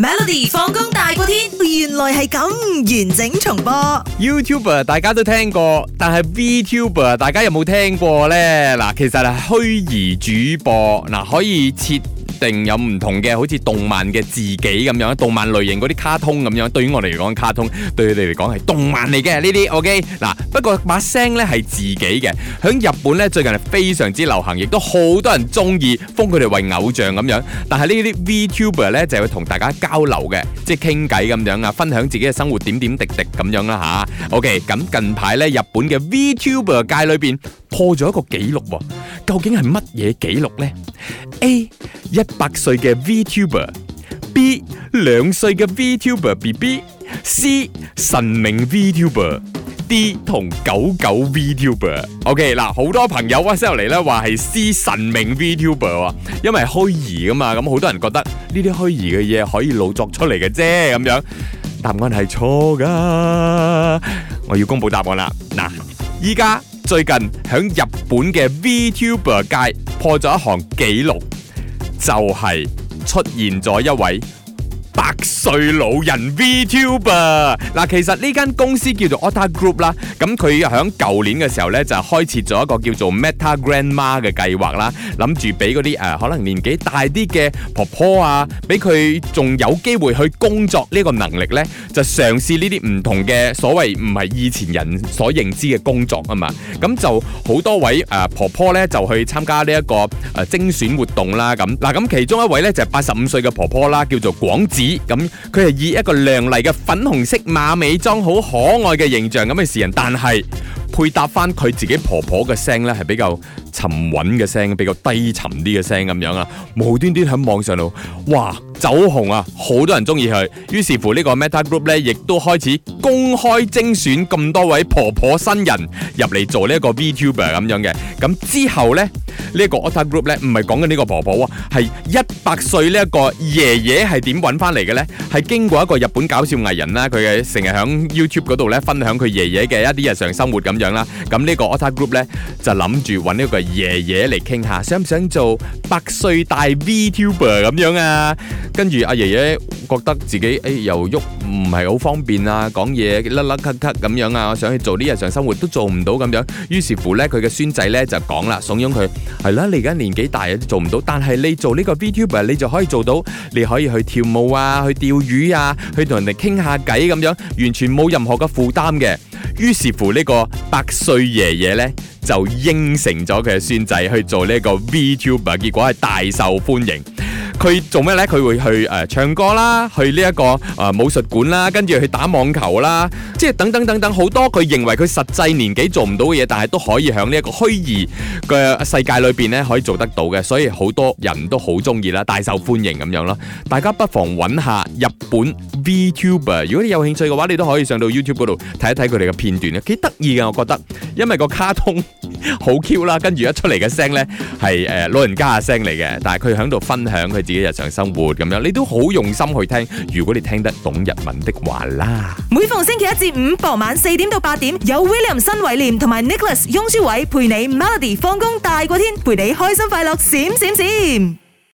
Melody 放工大過天，原來係咁完整重播。YouTuber 大家都聽過，但係 VTuber 大家有冇聽過呢？嗱，其實係虛擬主播，嗱可以設。定有唔同嘅，好似動漫嘅自己咁樣，動漫類型嗰啲卡通咁樣。對於我哋嚟講，卡通對佢哋嚟講係動漫嚟嘅呢啲。O K，嗱，OK? 不過把聲呢係自己嘅。喺日本呢，最近係非常之流行，亦都好多人中意，封佢哋為偶像咁樣。但係呢啲 Vtuber 呢，就會同大家交流嘅，即係傾偈咁樣啊，分享自己嘅生活點點滴滴咁樣啦吓。O K，咁近排呢，日本嘅 Vtuber 界裏邊破咗一個紀錄，究竟係乜嘢紀錄呢？a 一百歲嘅 Vtuber B 兩歲嘅 Vtuber B B C 神明 Vtuber D 同狗狗 Vtuber。OK 嗱，好多朋友翻晒入嚟咧，話係 C 神明 Vtuber 啊，因為虛擬噶嘛，咁好多人覺得呢啲虛擬嘅嘢可以勞作出嚟嘅啫，咁樣答案係錯噶。我要公布答案啦。嗱，依家最近響日本嘅 Vtuber 界破咗一項紀錄。就係出現咗一位。歲老人 Vtuber 嗱，其實呢間公司叫做 Otta Group 啦，咁佢響舊年嘅時候咧就開設咗一個叫做 Meta Grandma 嘅計劃啦，諗住俾啲誒可能年紀大啲嘅婆婆啊，俾佢仲有機會去工作呢個能力咧，就嘗試呢啲唔同嘅所謂唔係以前人所認知嘅工作啊嘛，咁就好多位誒婆婆咧就去參加呢一個誒精選活動啦，咁嗱，咁其中一位咧就係八十五歲嘅婆婆啦，叫做廣子咁。佢係以一個亮麗嘅粉紅色馬尾裝，好可愛嘅形象咁去示人，但係配搭翻佢自己婆婆嘅聲呢，係比較沉穩嘅聲，比較低沉啲嘅聲咁樣啊，無端端喺網上度，哇！走紅啊，好多人中意佢，於是乎個，呢個 Meta Group 咧，亦都開始公開精選咁多位婆婆新人入嚟做呢一個 VTuber 咁樣嘅。咁之後呢，這個、呢一個 Meta Group 咧，唔係講緊呢個婆婆喎、啊，係一百歲呢一個爺爺係點搵翻嚟嘅呢？係經過一個日本搞笑藝人啦，佢嘅成日響 YouTube 嗰度咧分享佢爺爺嘅一啲日常生活咁樣啦。咁呢個 Meta Group 咧就諗住揾呢個爺爺嚟傾下，想唔想做百歲大 VTuber 咁樣啊？跟住阿爺爺覺得自己誒、哎、又喐唔係好方便啊，講嘢甩甩咳咳咁樣啊，我想去做啲日常生活都做唔到咁樣。於是乎呢，佢嘅孫仔呢就講啦，慫恿佢係啦，你而家年紀大啊都做唔到，但係你做呢個 Vtuber 你就可以做到，你可以去跳舞啊，去釣魚啊，去同人哋傾下偈咁樣，完全冇任何嘅負擔嘅。於是乎呢個百歲爺爺呢，就應承咗佢嘅孫仔去做呢個 Vtuber，結果係大受歡迎。佢做咩呢？佢會去誒、呃、唱歌啦，去呢、這、一個誒、呃、武術館啦，跟住去打網球啦，即係等等等等好多。佢認為佢實際年紀做唔到嘅嘢，但係都可以喺呢一個虛擬嘅世界裏邊咧，可以做得到嘅。所以好多人都好中意啦，大受歡迎咁樣咯。大家不妨揾下日本 VTuber，如果你有興趣嘅話，你都可以上到 YouTube 嗰度睇一睇佢哋嘅片段啊，幾得意嘅，我覺得，因為個卡通。好 Q 啦，跟住 一出嚟嘅聲呢，係誒老人家嘅聲嚟嘅，但係佢喺度分享佢自己日常生活咁樣，你都好用心去聽。如果你聽得懂日文的話啦，每逢星期一至五傍晚四點到八點，有 William 新偉廉同埋 Nicholas 雍舒偉陪你 Melody 放工大過天，陪你開心快樂閃閃閃，閃閃閃。